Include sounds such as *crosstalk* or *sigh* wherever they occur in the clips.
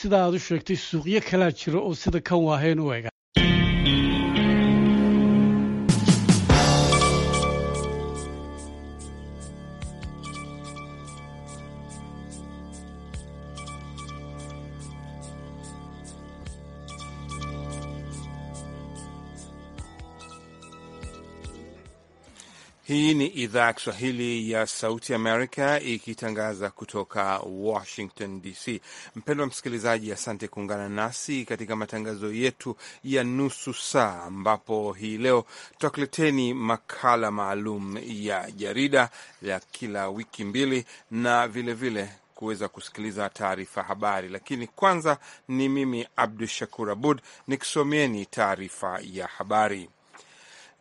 sidaa aad u sheegtay suuqyo kalaa jira oo sida kan waahayn u ega Hii ni idhaa ya Kiswahili ya Sauti Amerika ikitangaza kutoka Washington DC. Mpendwa msikilizaji, asante kuungana nasi katika matangazo yetu ya nusu saa, ambapo hii leo tutakuleteni makala maalum ya jarida ya kila wiki mbili na vilevile vile kuweza kusikiliza taarifa habari, lakini kwanza ni mimi Abdu Shakur Abud nikisomeni taarifa ya habari.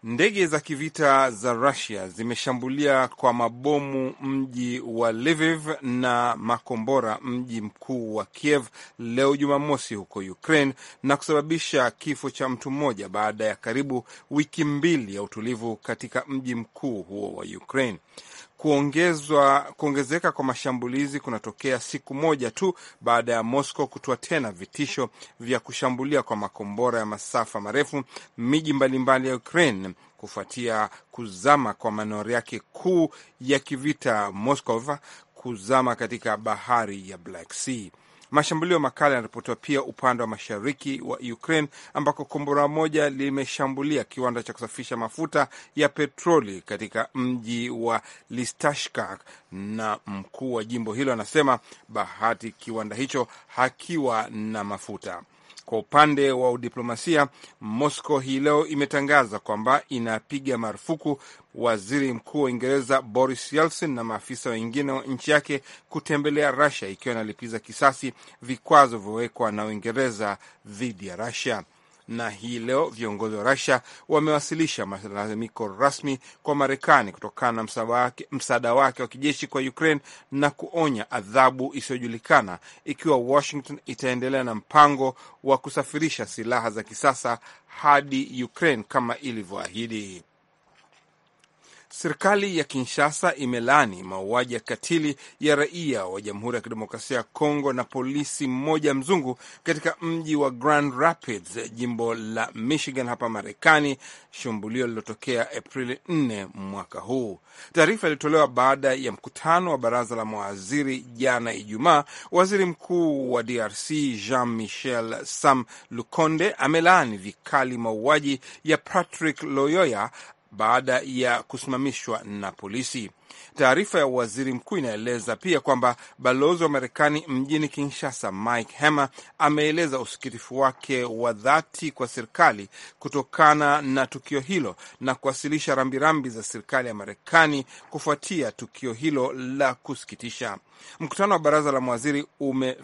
Ndege za kivita za Rusia zimeshambulia kwa mabomu mji wa Lviv na makombora mji mkuu wa Kiev leo Jumamosi huko Ukraine na kusababisha kifo cha mtu mmoja baada ya karibu wiki mbili ya utulivu katika mji mkuu huo wa Ukraine kuongezwa kuongezeka kwa mashambulizi kunatokea siku moja tu baada ya Moscow kutoa tena vitisho vya kushambulia kwa makombora ya masafa marefu miji mbalimbali ya Ukraine kufuatia kuzama kwa manowari yake kuu ya kivita Moscow kuzama katika bahari ya Black Sea. Mashambulio makali yanaripotiwa pia upande wa mashariki wa Ukraine ambako kombora moja limeshambulia kiwanda cha kusafisha mafuta ya petroli katika mji wa Listashka, na mkuu wa jimbo hilo anasema bahati kiwanda hicho hakiwa na mafuta. Kwa upande wa udiplomasia, Moscow hii leo imetangaza kwamba inapiga marufuku waziri mkuu wa Uingereza Boris Yeltsin na maafisa wengine wa nchi yake kutembelea Russia, ikiwa inalipiza kisasi vikwazo vilivyowekwa na Uingereza dhidi ya Russia na hii leo viongozi wa rasia wamewasilisha malalamiko rasmi kwa Marekani kutokana na msaada wake wa kijeshi kwa Ukraine na kuonya adhabu isiyojulikana ikiwa Washington itaendelea na mpango wa kusafirisha silaha za kisasa hadi Ukraine kama ilivyoahidi. Serikali ya Kinshasa imelaani mauaji ya katili ya raia wa Jamhuri ya Kidemokrasia ya Kongo na polisi mmoja mzungu katika mji wa Grand Rapids, jimbo la Michigan hapa Marekani, shambulio lililotokea Aprili 4 mwaka huu. Taarifa ilitolewa baada ya mkutano wa baraza la mawaziri jana Ijumaa. Waziri Mkuu wa DRC Jean Michel Sam Lukonde amelaani vikali mauaji ya Patrick Loyoya baada ya kusimamishwa na polisi. Taarifa ya waziri mkuu inaeleza pia kwamba balozi wa Marekani mjini Kinshasa, Mike Hammer, ameeleza usikitifu wake wa dhati kwa serikali kutokana na tukio hilo na kuwasilisha rambirambi za serikali ya Marekani kufuatia tukio hilo la kusikitisha. Mkutano wa baraza la mawaziri ume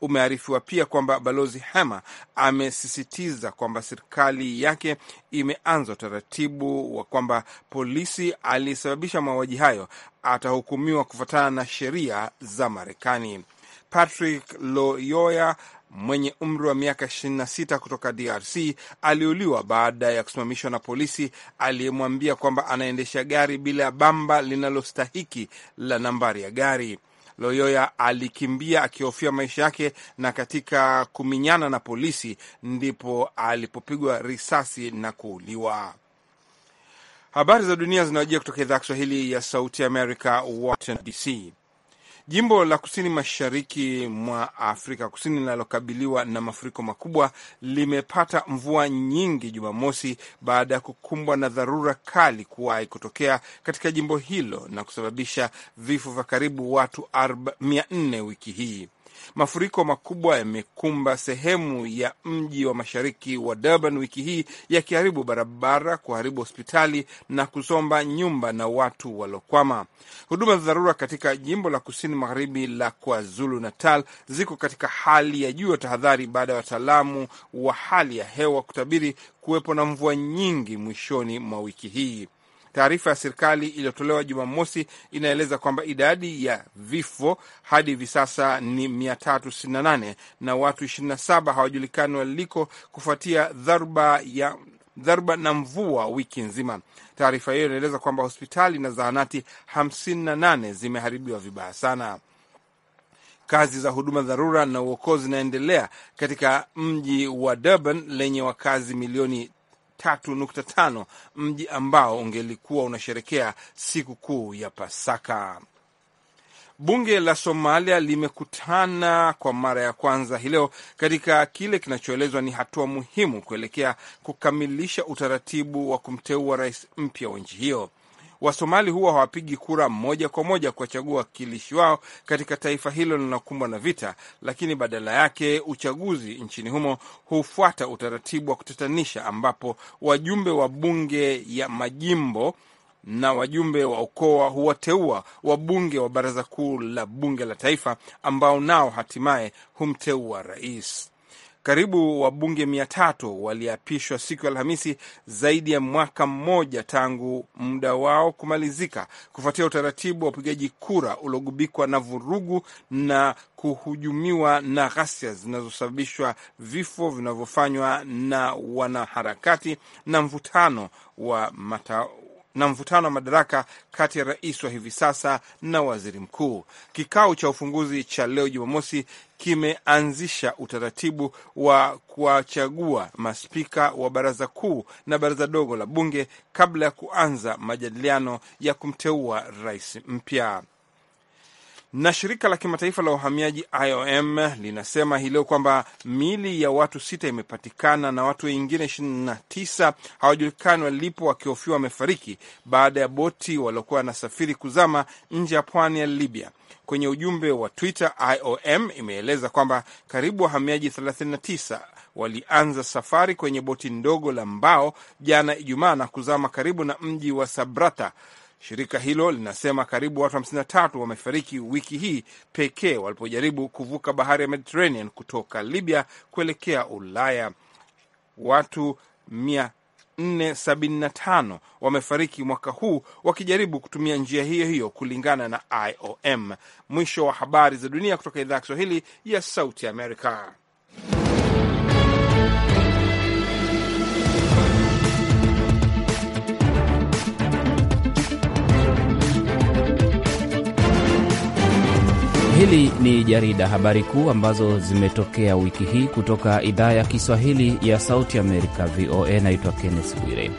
umearifiwa pia kwamba balozi Hama amesisitiza kwamba serikali yake imeanza utaratibu wa kwamba polisi aliyesababisha mauaji hayo atahukumiwa kufuatana na sheria za Marekani. Patrick Loyoya mwenye umri wa miaka 26 kutoka DRC aliuliwa baada ya kusimamishwa na polisi aliyemwambia kwamba anaendesha gari bila bamba linalostahiki la nambari ya gari. Loyoya alikimbia akihofia maisha yake, na katika kuminyana na polisi ndipo alipopigwa risasi na kuuliwa. Habari za dunia zinawajia kutoka idhaa ya Kiswahili ya Sauti Amerika, Washington DC. Jimbo la kusini mashariki mwa Afrika Kusini linalokabiliwa na mafuriko makubwa limepata mvua nyingi Jumamosi baada ya kukumbwa na dharura kali kuwahi kutokea katika jimbo hilo na kusababisha vifo vya karibu watu 400 wiki hii. Mafuriko makubwa yamekumba sehemu ya mji wa mashariki wa Durban wiki hii, yakiharibu barabara, kuharibu hospitali na kusomba nyumba na watu waliokwama. Huduma za dharura katika jimbo la kusini magharibi la KwaZulu Natal ziko katika hali ya juu ya tahadhari baada ya wataalamu wa hali ya hewa kutabiri kuwepo na mvua nyingi mwishoni mwa wiki hii. Taarifa ya serikali iliyotolewa Jumamosi inaeleza kwamba idadi ya vifo hadi hivi sasa ni 368 na watu 27 hawajulikani waliko kufuatia dharuba ya dharuba na mvua wiki nzima. Taarifa hiyo inaeleza kwamba hospitali na zahanati 58 zimeharibiwa vibaya sana. Kazi za huduma dharura na uokozi zinaendelea katika mji wa Durban lenye wakazi milioni tatu nukta tano mji ambao ungelikuwa unasherekea sikukuu ya Pasaka. Bunge la Somalia limekutana kwa mara ya kwanza hii leo katika kile kinachoelezwa ni hatua muhimu kuelekea kukamilisha utaratibu wa kumteua rais mpya wa nchi hiyo. Wasomali huwa hawapigi kura moja kwa moja kuwachagua wakilishi wao katika taifa hilo linakumbwa na vita, lakini badala yake uchaguzi nchini humo hufuata utaratibu wa kutatanisha, ambapo wajumbe wa bunge ya majimbo na wajumbe wa ukoa huwateua wabunge wa baraza kuu la bunge la taifa ambao nao hatimaye humteua rais. Karibu wabunge mia tatu waliapishwa siku ya Alhamisi, zaidi ya mwaka mmoja tangu muda wao kumalizika kufuatia utaratibu wa upigaji kura uliogubikwa na vurugu na kuhujumiwa na ghasia zinazosababishwa vifo vinavyofanywa na wanaharakati na mvutano wa mata, na mvutano wa madaraka kati ya rais wa hivi sasa na waziri mkuu. Kikao cha ufunguzi cha leo Jumamosi kimeanzisha utaratibu wa kuwachagua maspika wa baraza kuu na baraza dogo la bunge kabla ya kuanza majadiliano ya kumteua rais mpya. Na shirika la kimataifa la uhamiaji IOM linasema hii leo kwamba miili ya watu sita imepatikana na watu wengine 29 hawajulikani walipo, wakihofiwa wamefariki baada ya boti waliokuwa wanasafiri kuzama nje ya pwani ya Libya. Kwenye ujumbe wa Twitter, IOM imeeleza kwamba karibu wahamiaji 39 walianza safari kwenye boti ndogo la mbao jana Ijumaa na kuzama karibu na mji wa Sabrata Shirika hilo linasema karibu watu 53 wamefariki wiki hii pekee walipojaribu kuvuka bahari ya Mediterranean kutoka Libya kuelekea Ulaya. Watu 475 wamefariki mwaka huu wakijaribu kutumia njia hiyo hiyo kulingana na IOM. Mwisho wa habari za dunia kutoka idhaa ya Kiswahili ya Sauti Amerika. Hili ni jarida habari kuu ambazo zimetokea wiki hii kutoka idhaa ya Kiswahili ya Sauti Amerika, VOA. Naitwa Kenneth Bwire.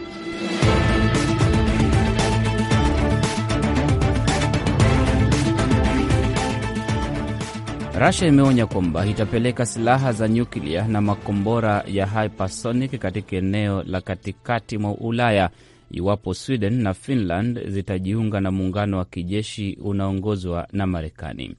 Rasia imeonya kwamba itapeleka silaha za nyuklia na makombora ya hypersonic katika eneo la katikati mwa Ulaya iwapo Sweden na Finland zitajiunga na muungano wa kijeshi unaongozwa na Marekani.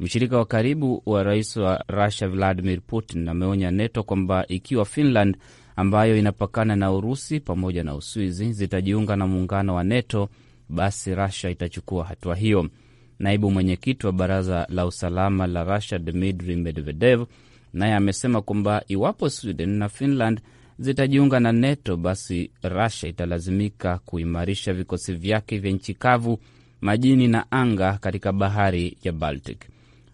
Mshirika wa karibu wa rais wa Rusia Vladimir Putin ameonya NATO kwamba ikiwa Finland ambayo inapakana na Urusi pamoja na Uswizi zitajiunga na muungano wa NATO, basi Rusia itachukua hatua hiyo. Naibu mwenyekiti wa baraza la usalama la Rusia Dmitri Medvedev naye amesema kwamba iwapo Sweden na Finland zitajiunga na NATO, basi Rusia italazimika kuimarisha vikosi vyake vya nchi kavu, majini na anga katika bahari ya Baltic.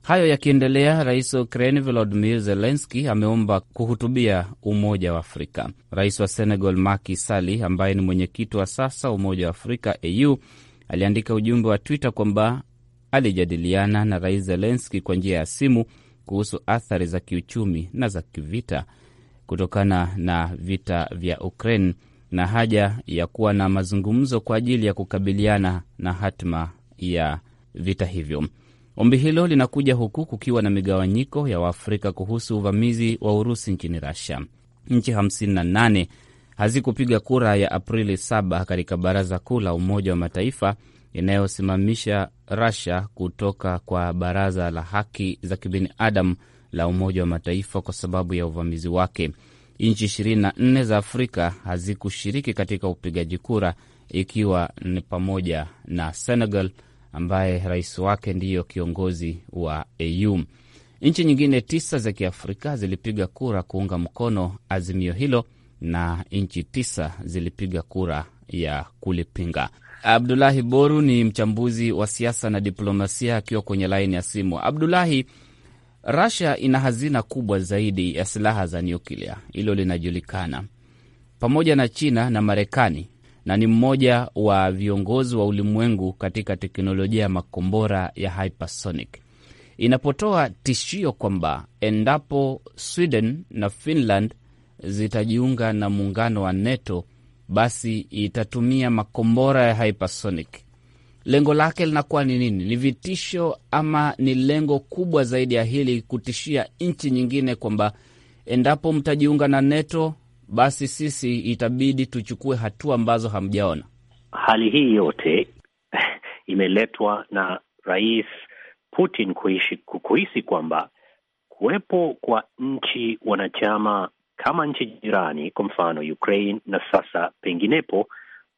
Hayo yakiendelea, rais wa Ukraini Volodimir Zelenski ameomba kuhutubia Umoja wa Afrika. Rais wa Senegal Maki Sali, ambaye ni mwenyekiti wa sasa Umoja wa Afrika AU, aliandika ujumbe wa Twitter kwamba alijadiliana na rais Zelenski kwa njia ya simu kuhusu athari za kiuchumi na za kivita kutokana na vita vya Ukraine na haja ya kuwa na mazungumzo kwa ajili ya kukabiliana na hatima ya vita hivyo. Ombi hilo linakuja huku kukiwa na migawanyiko ya Waafrika kuhusu uvamizi wa Urusi nchini rasia Nchi 58 hazikupiga kura ya Aprili 7 katika Baraza Kuu la Umoja wa Mataifa inayosimamisha rasia kutoka kwa Baraza la Haki za Kibinadamu la Umoja wa Mataifa kwa sababu ya uvamizi wake. Nchi 24 za Afrika hazikushiriki katika upigaji kura, ikiwa ni pamoja na Senegal, ambaye rais wake ndiyo kiongozi wa AU. Nchi nyingine tisa za Kiafrika zilipiga kura kuunga mkono azimio hilo na nchi tisa zilipiga kura ya kulipinga. Abdulahi Boru ni mchambuzi wa siasa na diplomasia akiwa kwenye laini ya simu. Abdulahi, Rasia ina hazina kubwa zaidi ya silaha za nyuklia, hilo linajulikana, pamoja na China na Marekani na ni mmoja wa viongozi wa ulimwengu katika teknolojia ya makombora ya hypersonic, inapotoa tishio kwamba endapo Sweden na Finland zitajiunga na muungano wa NATO, basi itatumia makombora ya hypersonic. Lengo lake linakuwa ni nini? Ni vitisho ama ni lengo kubwa zaidi ya hili, kutishia nchi nyingine kwamba endapo mtajiunga na NATO basi sisi itabidi tuchukue hatua ambazo hamjaona. Hali hii yote *laughs* imeletwa na Rais Putin kuishi kuhisi kwamba kuwepo kwa nchi wanachama kama nchi jirani, kwa mfano Ukraine na sasa penginepo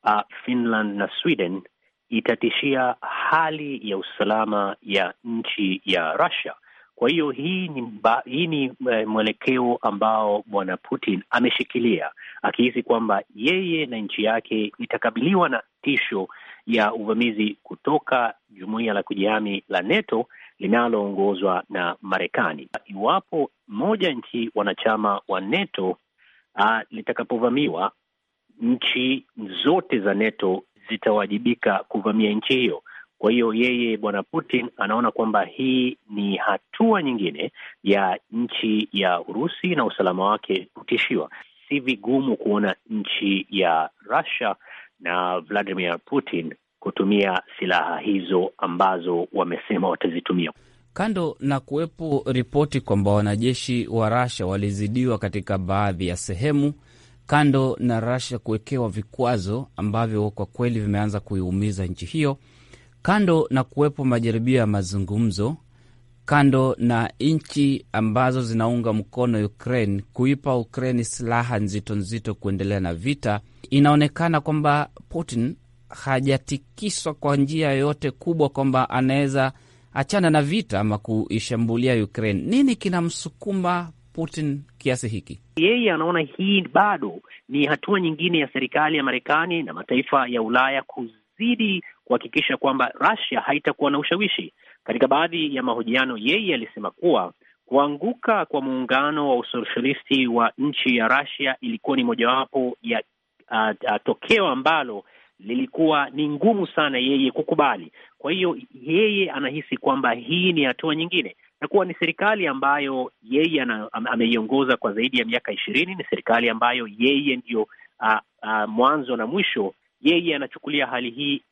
uh, Finland na Sweden itatishia hali ya usalama ya nchi ya Russia kwa hiyo hii ni mba, hii ni eh, mwelekeo ambao bwana Putin ameshikilia akihisi kwamba yeye na nchi yake itakabiliwa na tisho ya uvamizi kutoka jumuiya la kujihami la NATO linaloongozwa na Marekani. Iwapo moja nchi wanachama wa NATO uh, litakapovamiwa, nchi zote za NATO zitawajibika kuvamia nchi hiyo. Kwa hiyo yeye bwana Putin anaona kwamba hii ni hatua nyingine ya nchi ya Urusi na usalama wake kutishiwa. Si vigumu kuona nchi ya Russia na Vladimir Putin kutumia silaha hizo ambazo wamesema watazitumia. Kando na kuwepo ripoti kwamba wanajeshi wa Rasha walizidiwa katika baadhi ya sehemu, kando na Rasha kuwekewa vikwazo ambavyo kwa kweli vimeanza kuiumiza nchi hiyo, kando na kuwepo majaribio ya mazungumzo, kando na nchi ambazo zinaunga mkono Ukraine kuipa Ukraine silaha nzito nzito kuendelea na vita, inaonekana kwamba Putin hajatikiswa kwa njia yoyote kubwa kwamba anaweza achana na vita ama kuishambulia Ukraine. Nini kinamsukuma Putin kiasi hiki? Yeye anaona hii bado ni hatua nyingine ya serikali ya Marekani na mataifa ya Ulaya kuzidi kuhakikisha kwamba Russia haitakuwa na ushawishi. Katika baadhi ya mahojiano, yeye alisema kuwa kuanguka kwa muungano wa usoshalisti wa nchi ya Russia ilikuwa ni mojawapo ya uh, tokeo ambalo lilikuwa ni ngumu sana yeye kukubali. Kwa hiyo yeye anahisi kwamba hii ni hatua nyingine, na kuwa ni serikali ambayo yeye ameiongoza kwa zaidi ya miaka ishirini, ni serikali ambayo yeye ndiyo uh, uh, mwanzo na mwisho. Yeye anachukulia hali hii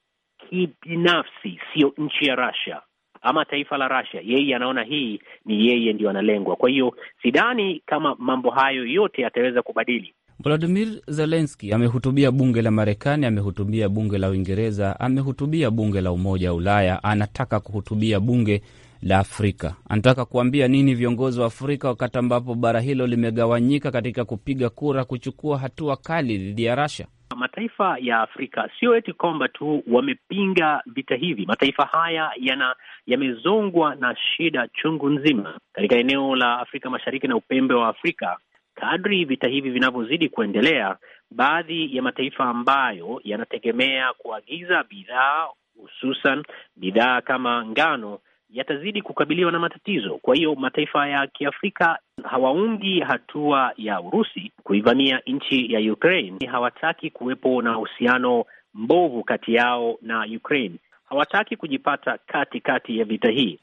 kibinafsi, siyo nchi ya Russia ama taifa la Russia. Yeye anaona hii ni yeye ndio analengwa. Kwa hiyo sidhani kama mambo hayo yote yataweza kubadili. Volodimir zelenski amehutubia bunge la Marekani, amehutubia bunge la Uingereza, amehutubia bunge la Umoja wa Ulaya, anataka kuhutubia bunge la Afrika. Anataka kuambia nini viongozi wa Afrika wakati ambapo bara hilo limegawanyika katika kupiga kura kuchukua hatua kali dhidi ya Russia? mataifa ya Afrika sio eti kwamba tu wamepinga vita hivi. Mataifa haya yana yamezongwa na shida chungu nzima katika eneo la Afrika Mashariki na upembe wa Afrika. Kadri vita hivi vinavyozidi kuendelea, baadhi ya mataifa ambayo yanategemea kuagiza bidhaa hususan bidhaa kama ngano yatazidi kukabiliwa na matatizo. Kwa hiyo mataifa ya Kiafrika hawaungi hatua ya Urusi kuivamia nchi ya Ukraine, hawataki kuwepo na uhusiano mbovu kati yao na Ukraine, hawataki kujipata katikati kati ya vita hii.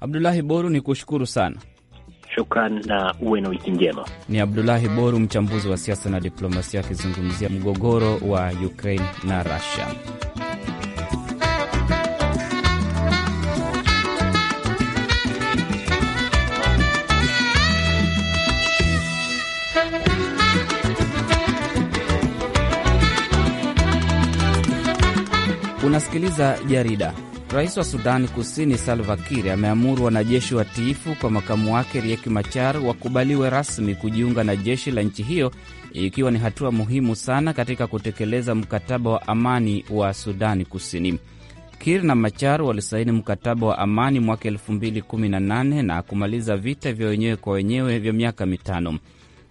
Abdulahi Boru, ni kushukuru sana. Shukran na uwe na wiki njema. Ni Abdulahi Boru, mchambuzi wa siasa na diplomasia, akizungumzia mgogoro wa Ukraine na Russia. Unasikiliza jarida. Rais wa Sudani Kusini Salva Kiir ameamuru wanajeshi watiifu kwa makamu wake Riek Machar wakubaliwe rasmi kujiunga na jeshi la nchi hiyo, ikiwa ni hatua muhimu sana katika kutekeleza mkataba wa amani wa Sudani Kusini. Kiir na Machar walisaini mkataba wa amani mwaka 2018 na kumaliza vita vya wenyewe kwa wenyewe vya miaka mitano.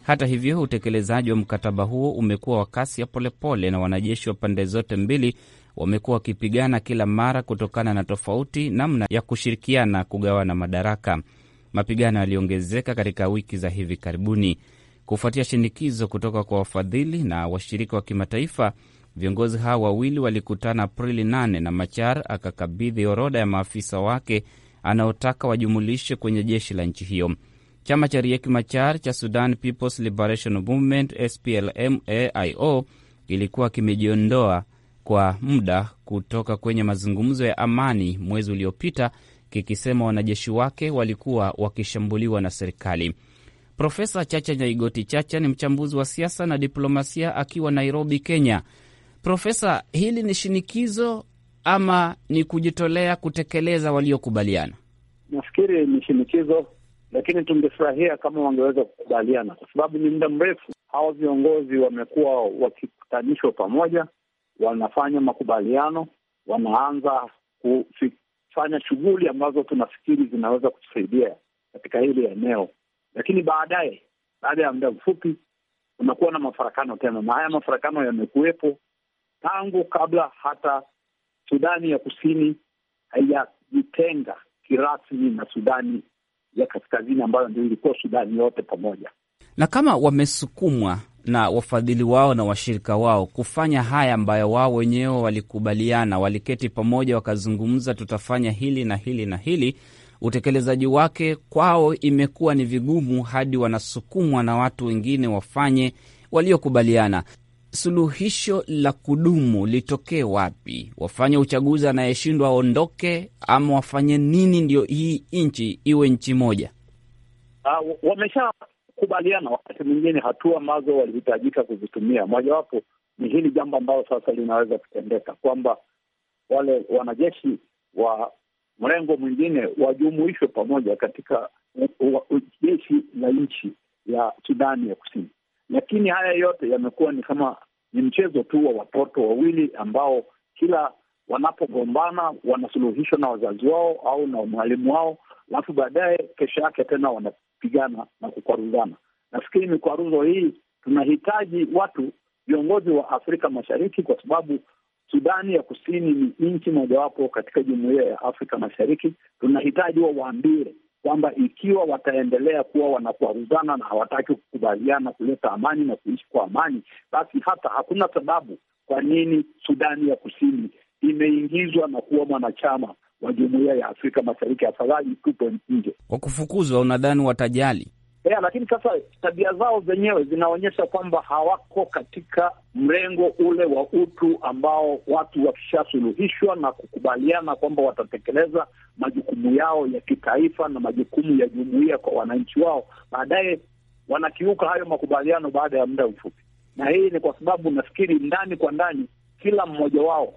Hata hivyo, utekelezaji wa mkataba huo umekuwa wa kasi ya polepole na wanajeshi wa pande zote mbili wamekuwa wakipigana kila mara kutokana na tofauti namna ya kushirikiana kugawana madaraka. Mapigano yaliongezeka katika wiki za hivi karibuni kufuatia shinikizo kutoka kwa wafadhili na washirika wa kimataifa. Viongozi hawa wawili walikutana Aprili 8 na Machar akakabidhi orodha ya maafisa wake anaotaka wajumulishe kwenye jeshi la nchi hiyo. Chama cha Riek Machar cha Sudan People's Liberation Movement SPLM-AIO kilikuwa kimejiondoa kwa muda kutoka kwenye mazungumzo ya amani mwezi uliopita, kikisema wanajeshi wake walikuwa wakishambuliwa na serikali. Profesa Chacha Nyaigoti Chacha ni mchambuzi wa siasa na diplomasia akiwa Nairobi, Kenya. Profesa, hili ni shinikizo ama ni kujitolea kutekeleza waliokubaliana? Nafikiri ni shinikizo, lakini tungefurahia kama wangeweza kukubaliana, kwa sababu ni muda mrefu hawa viongozi wamekuwa wakikutanishwa pamoja wanafanya makubaliano, wanaanza kufanya shughuli ambazo tunafikiri zinaweza kutusaidia katika hili eneo, lakini baadaye, baada ya muda mfupi, kunakuwa na mafarakano tena, na haya mafarakano yamekuwepo tangu kabla hata Sudani ya Kusini haijajitenga kirasmi na Sudani ya Kaskazini ambayo ndio ilikuwa Sudani yote pamoja. Na kama wamesukumwa na wafadhili wao na washirika wao kufanya haya ambayo wao wenyewe walikubaliana, waliketi pamoja, wakazungumza, tutafanya hili na hili na hili. Utekelezaji wake kwao imekuwa ni vigumu, hadi wanasukumwa na watu wengine wafanye waliokubaliana. Suluhisho la kudumu litokee wapi? Wafanye uchaguzi, anayeshindwa aondoke, ama wafanye nini ndio hii nchi iwe nchi moja? Uh, wamesha kukubaliana wakati mwingine hatua ambazo walihitajika kuzitumia. Mojawapo ni hili jambo ambalo sasa linaweza kutendeka kwamba wale wanajeshi wa mrengo mwingine wajumuishwe pamoja katika jeshi la nchi ya Sudani ya Kusini. Lakini haya yote yamekuwa ni kama ni mchezo tu wa watoto wawili ambao kila wanapogombana wanasuluhishwa na wazazi wao au na mwalimu wao, alafu baadaye kesho yake tena wana kupigana na kukwaruzana. Nafikiri mikwaruzo hii tunahitaji watu viongozi wa Afrika Mashariki, kwa sababu Sudani ya Kusini ni nchi mojawapo katika jumuiya ya Afrika Mashariki. Tunahitaji wawaambie kwamba ikiwa wataendelea kuwa wanakwaruzana na hawataki kukubaliana kuleta amani na kuishi kwa amani, basi hata hakuna sababu kwa nini Sudani ya Kusini imeingizwa na kuwa mwanachama wa jumuiya ya Afrika Mashariki, afadhali tupo nje. Kwa kufukuzwa, unadhani watajali? Yeah, lakini sasa tabia zao zenyewe zinaonyesha kwamba hawako katika mrengo ule wa utu ambao watu wakishasuluhishwa na kukubaliana kwamba watatekeleza majukumu yao ya kitaifa na majukumu ya jumuiya kwa wananchi wao, baadaye wanakiuka hayo makubaliano baada ya muda mfupi. Na hii ni kwa sababu nafikiri ndani kwa ndani kila mmoja wao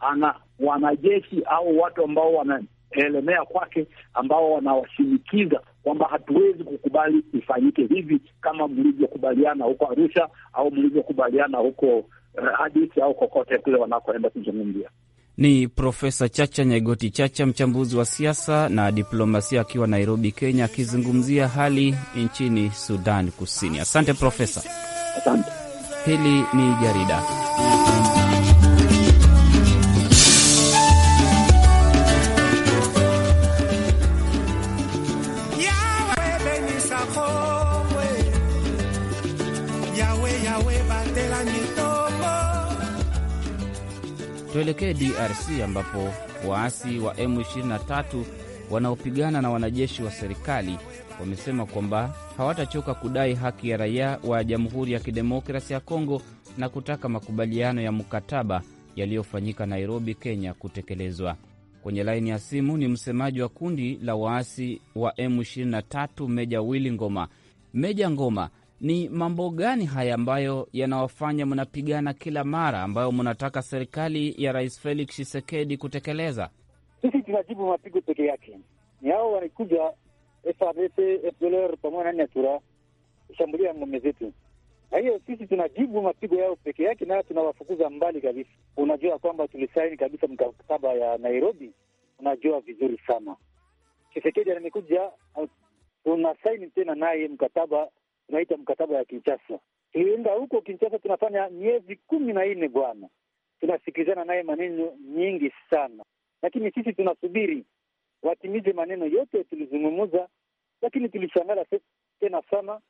ana wanajeshi au watu ambao wanaelemea kwake, ambao wanawashinikiza kwamba hatuwezi kukubali ifanyike hivi kama mlivyokubaliana huko Arusha au mlivyokubaliana huko uh, Addis au kokote kule wanakoenda kuzungumzia. Ni Profesa Chacha nyagoti Chacha, mchambuzi wa siasa na diplomasia, akiwa Nairobi, Kenya, akizungumzia hali nchini Sudan Kusini. Asante Profesa. Asante. Hili ni jarida Tuelekee DRC ambapo waasi wa M23 wanaopigana na wanajeshi wa serikali wamesema kwamba hawatachoka kudai haki ya raia wa Jamhuri ya Kidemokrasi ya Kongo na kutaka makubaliano ya mkataba yaliyofanyika Nairobi, Kenya kutekelezwa. Kwenye laini ya simu ni msemaji wa kundi la waasi wa M23 Meja Willy Ngoma. Meja Ngoma, ni mambo gani haya ambayo yanawafanya mnapigana kila mara, ambayo mnataka serikali ya Rais Felix Tshisekedi kutekeleza? Sisi tunajibu mapigo peke yake, ni hao walikuja FARDC, FDLR pamoja na Nyatura kushambulia ngome zetu. na hiyo sisi tunajibu mapigo yao peke yake, nayo tunawafukuza mbali kabisa. Unajua kwamba tulisaini kabisa mkataba ya Nairobi, unajua vizuri sana. chisekedi anamekuja uh, tunasaini tena naye mkataba tunaita mkataba ya Kinshasa. Tulienda huko Kinshasa, tunafanya miezi kumi na nne bwana, tunasikilizana naye maneno nyingi sana, lakini sisi tunasubiri watimize maneno yote tulizungumza, lakini tulishangala tena sana,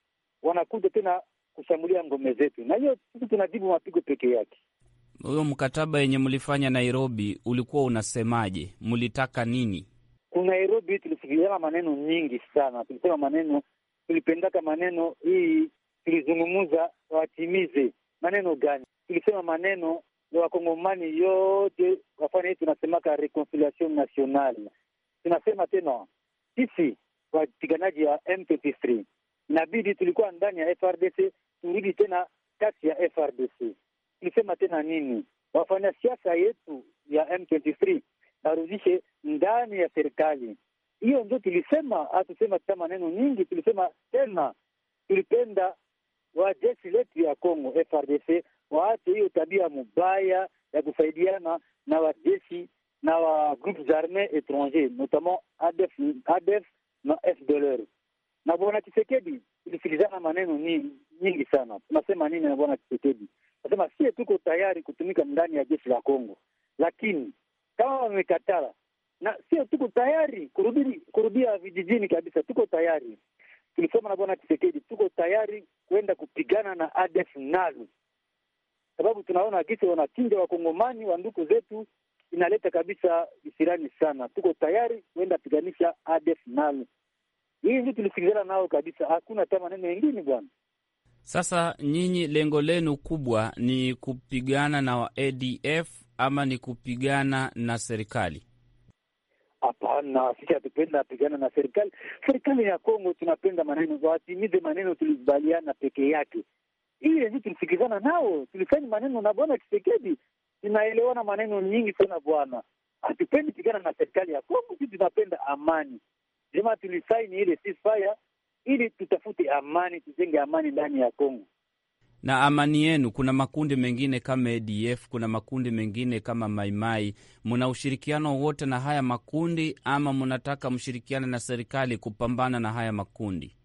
wanakuja tena kushambulia ngome zetu, na hiyo sisi tunajibu mapigo peke yake. Huyo mkataba yenye mlifanya Nairobi ulikuwa unasemaje? Mlitaka nini? Kuna Nairobi tulisikilizana maneno nyingi sana, tulisema maneno tulipendaka maneno hii tulizungumuza watimize maneno gani? Tulisema maneno ya wakongomani yote wafanya hii, tunasemaka reconciliation nationale. Tunasema tena sisi wapiganaji ya M23 inabidi tulikuwa ndani ya FRDC turudi tena kati ya FRDC. Tulisema tena nini? Wafanya siasa yetu ya M23 barudishe ndani ya serikali hiyo ndio tulisema, hatusema ta maneno nyingi, tulisema tena tulipenda wajeshi letu ya Congo FRDC waache hiyo tabia mubaya ya kusaidiana na wajeshi na wa groupe arme étrangers notamment ADF, ADF na FDLR. Na bwana Tshisekedi tulisikilizana maneno nyingi, nyingi sana. Tunasema nini na bwana Tshisekedi? Nasema sie tuko tayari kutumika ndani ya jeshi la Congo, lakini kama wamekatala na sio, tuko tayari kurudi, kurudia vijijini kabisa. Tuko tayari, tulisoma na Bwana Tshisekedi, tuko tayari kwenda kupigana na ADF NALU, sababu tunaona gisi wanachinja wakongomani wa ndugu zetu, inaleta kabisa isirani sana. Tuko tayari kwenda piganisha ADF NALU. Hii ndio tulisikilizana nao kabisa, hakuna hata maneno mengine bwana. Sasa nyinyi lengo lenu kubwa ni kupigana na wa ADF ama ni kupigana na serikali? Hapana, sisi hatupenda apigana na serikali. Serikali ya Kongo tunapenda maneno, watimize maneno tulikubaliana peke yake. Hii yenyewe tulisikizana nao, tulifanya maneno na bwana Kisekedi, tunaelewana maneno nyingi sana bwana. Hatupendi pigana na serikali ya Kongo, sisi tunapenda amani. Jema tulisaini ile ceasefire ili tutafute amani, tujenge amani ndani ya Kongo na amani yenu. Kuna makundi mengine kama ADF, kuna makundi mengine kama Maimai. Muna ushirikiano wwote na haya makundi ama munataka mshirikiane na serikali kupambana na haya makundi?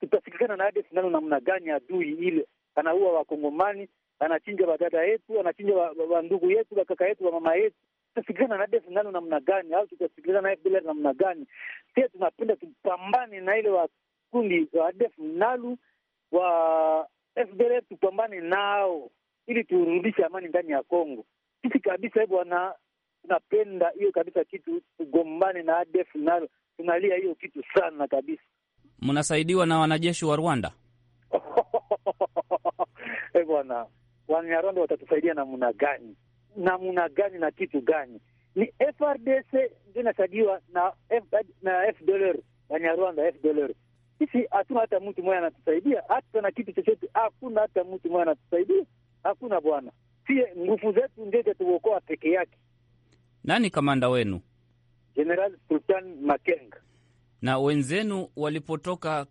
Tutasikilizana na hadi sindano namna gani adui ile anaua Wakongomani, anachinja wadada yetu, anachinja wandugu yetu, wakaka yetu, wamama yetu tutasikilizana na defu nalo namna gani, au tutasikilizana na bila namna gani? Pia tunapenda tupambane na ile wakundi wa defu nalu wa FDL tupambane nao ili turudishe amani ndani ya Kongo. Sisi kabisa hivyo wana tunapenda hiyo kabisa kitu, tugombane na ADF nalo, tunalia hiyo kitu sana kabisa. Mnasaidiwa na wanajeshi wa Rwanda? *laughs* E bwana, Wanyarwanda watatusaidia namna gani? Namna gani na kitu gani? Ni FRDC ndio inasaidiwa na FDLR, Wanyarwanda FDLR sisi hatuna hata mtu mmoja anatusaidia, hata na kitu chochote, hakuna hata mtu mmoja anatusaidia, hakuna bwana. Sie nguvu zetu ndio zatuokoa peke yake. Nani kamanda wenu? General Sultan Makenga. Na wenzenu walipotoka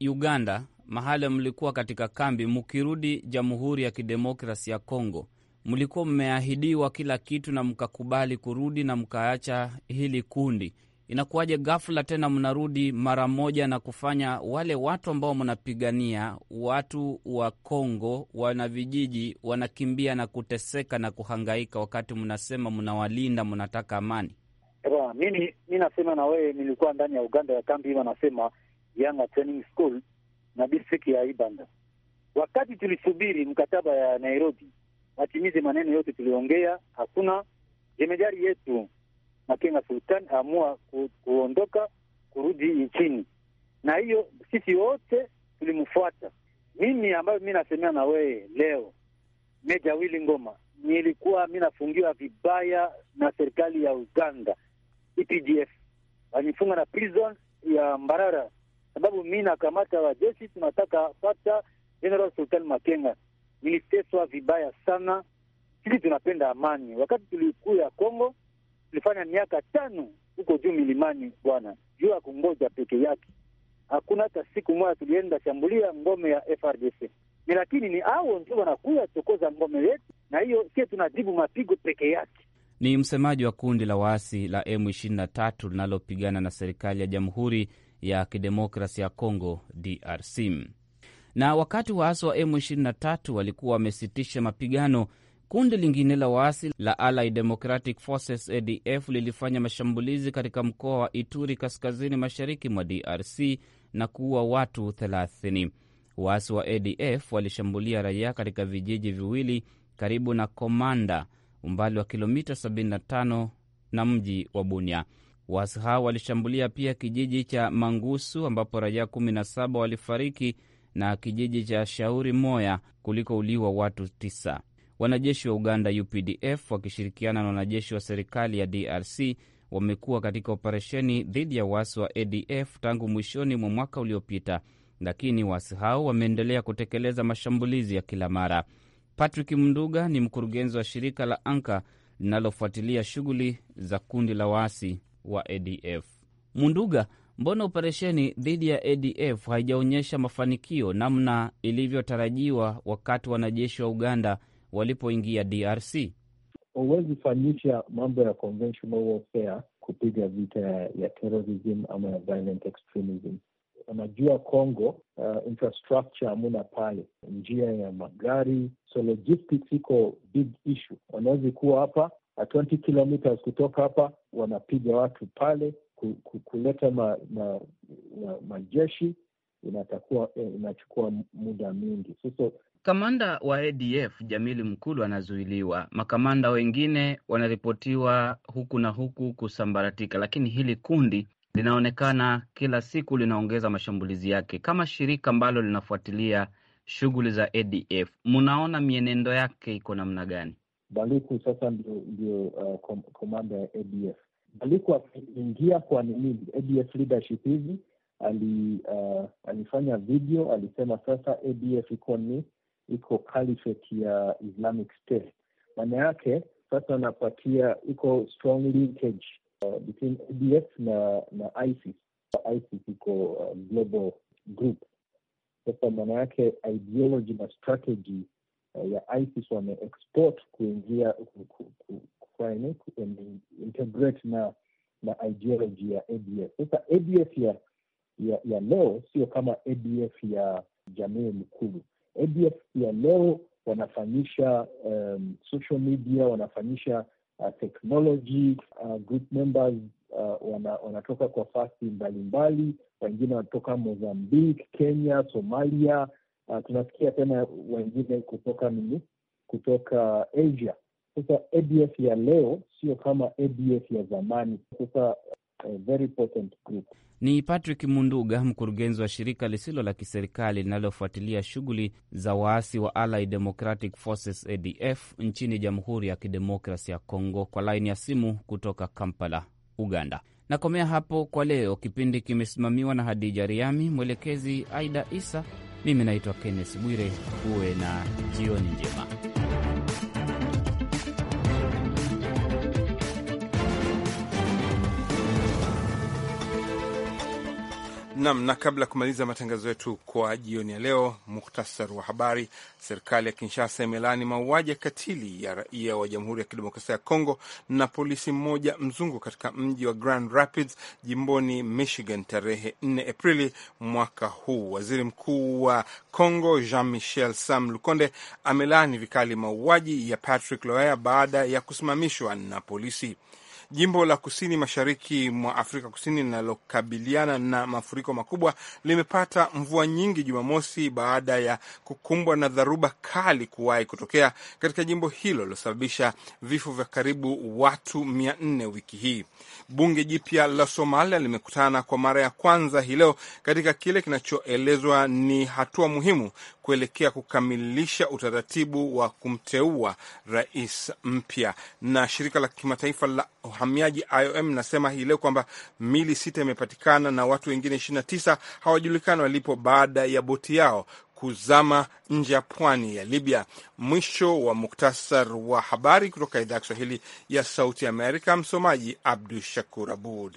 Uganda, mahali mlikuwa katika kambi, mkirudi Jamhuri ya Kidemokrasi ya congo mlikuwa mmeahidiwa kila kitu na mkakubali kurudi na mkaacha hili kundi inakuwaje ghafla tena mnarudi mara moja na kufanya wale watu ambao mnapigania, watu wa Kongo, wana vijiji wanakimbia na kuteseka na kuhangaika, wakati mnasema mnawalinda, mnataka amani? mimi mi nasema na wewe, nilikuwa ndani ya Uganda ya kambi hiyo, nasema Training School na district ya Ibanda, wakati tulisubiri mkataba ya Nairobi watimize maneno yote tuliongea, hakuna jemedari yetu Makenga Sultani aamua ku, kuondoka kurudi nchini, na hiyo sisi wote tulimfuata. Mimi ambayo mi nasemea na wewe leo, Meja Willy Ngoma, nilikuwa mi nafungiwa vibaya na serikali ya Uganda EPDF, wanifunga na prison ya Mbarara sababu mi nakamata wajeshi, tunataka pata General Sultani Makenga. Niliteswa vibaya sana. Sisi tunapenda amani, wakati tulikuya Kongo tulifanya miaka tano huko juu milimani, bwana, juu ya kungoja peke yake. Hakuna hata siku moja tulienda shambulia ngome ya FRDC ni lakini ni hao ndio wanakuya tokoza ngome yetu, na hiyo sie tunajibu mapigo peke yake. Ni msemaji wa kundi la waasi la M23 linalopigana na serikali ya Jamhuri ya Kidemokrasi ya congo DRC. Na wakati waasi wa M23 walikuwa wamesitisha mapigano, Kundi lingine la waasi la Allied Democratic Forces ADF lilifanya mashambulizi katika mkoa wa Ituri kaskazini mashariki mwa DRC na kuua watu 30. Waasi wa ADF walishambulia raia katika vijiji viwili karibu na Komanda, umbali wa kilomita 75 na mji wa Bunia. Waasi hao walishambulia pia kijiji cha Mangusu ambapo raia 17 walifariki na kijiji cha Shauri Moya kuliko uliwa watu 9. Wanajeshi wa Uganda UPDF wakishirikiana na wanajeshi wa serikali ya DRC wamekuwa katika operesheni dhidi ya waasi wa ADF tangu mwishoni mwa mwaka uliopita, lakini waasi hao wameendelea kutekeleza mashambulizi ya kila mara. Patrick Mnduga ni mkurugenzi wa shirika la Anka linalofuatilia shughuli za kundi la waasi wa ADF. Munduga, mbona operesheni dhidi ya ADF haijaonyesha mafanikio namna ilivyotarajiwa wakati wanajeshi wa Uganda walipoingia DRC. Huwezi fanyisha mambo ya conventional warfare kupiga vita ya terrorism ama ya violent extremism. Unajua Congo, uh, infrastructure hamuna pale, njia ya magari, so logistics iko big issue. Wanawezi kuwa hapa 20 uh, kilometers kutoka hapa, wanapiga watu pale, kuleta ma, ma, ma, majeshi inatakuwa eh, inachukua muda mingi. So, so Kamanda wa ADF Jamili Mkulu anazuiliwa, makamanda wengine wanaripotiwa huku na huku kusambaratika, lakini hili kundi linaonekana kila siku linaongeza mashambulizi yake. Kama shirika ambalo linafuatilia shughuli za ADF, mnaona mienendo yake iko namna gani? Baliku sasa ndio ndio uh, komanda ya ADF. Baliku akiingia kwa nini ADF leadership hivi ali, uh, alifanya video alisema sasa ADF iko ni iko caliphate ya Islamic State. Maana yake sasa anapatia iko strong linkage uh, between ADF na na ISIS. ISIS iko uh, global group. Sasa maana yake ideology na strategy uh, ya ISIS wame export kuingia kufanya integrate na na ideology ya ADF. Sasa ADF ya ya, ya leo sio kama ADF ya Jamii Mkulu. ADF ya leo wanafanyisha um, social media, wanafanyisha uh, technology uh, group members uh, wana, wanatoka kwa fasi mbalimbali, wengine wanatoka Mozambique, Kenya, Somalia. Uh, tunasikia tena wengine kutoka nini, kutoka Asia. Sasa ADF ya leo sio kama ADF ya zamani. Sasa uh, very potent group. Ni Patrick Munduga, mkurugenzi wa shirika lisilo la kiserikali linalofuatilia shughuli za waasi wa Allied Democratic Forces ADF nchini Jamhuri ya Kidemokrasi ya Kongo, kwa laini ya simu kutoka Kampala, Uganda. Nakomea hapo kwa leo. Kipindi kimesimamiwa na Hadija Riami, mwelekezi Aida Isa. Mimi naitwa Kenneth Bwire. Uwe na jioni njema. Nam, na kabla ya kumaliza matangazo yetu kwa jioni ya leo, muhtasari wa habari. Serikali ya Kinshasa imelaani mauaji ya katili ya raia wa Jamhuri ya Kidemokrasia ya Kongo na polisi mmoja mzungu katika mji wa Grand Rapids jimboni Michigan tarehe 4 Aprili mwaka huu. Waziri Mkuu wa Kongo Jean Michel Sam Lukonde amelaani vikali mauaji ya Patrick Loea baada ya kusimamishwa na polisi. Jimbo la kusini mashariki mwa Afrika Kusini linalokabiliana na mafuriko makubwa limepata mvua nyingi Jumamosi baada ya kukumbwa na dharuba kali kuwahi kutokea katika jimbo hilo lilosababisha vifo vya karibu watu mia nne wiki hii. Bunge jipya la Somalia limekutana kwa mara ya kwanza hii leo katika kile kinachoelezwa ni hatua muhimu kuelekea kukamilisha utaratibu wa kumteua rais mpya. Na shirika la kimataifa la uhamiaji IOM linasema hii leo kwamba mili sita imepatikana na watu wengine 29 hawajulikani walipo baada ya boti yao kuzama nje ya pwani ya Libya. Mwisho wa muktasar wa habari kutoka idhaa ya Kiswahili ya Sauti Amerika. Msomaji Abdu Shakur Abud.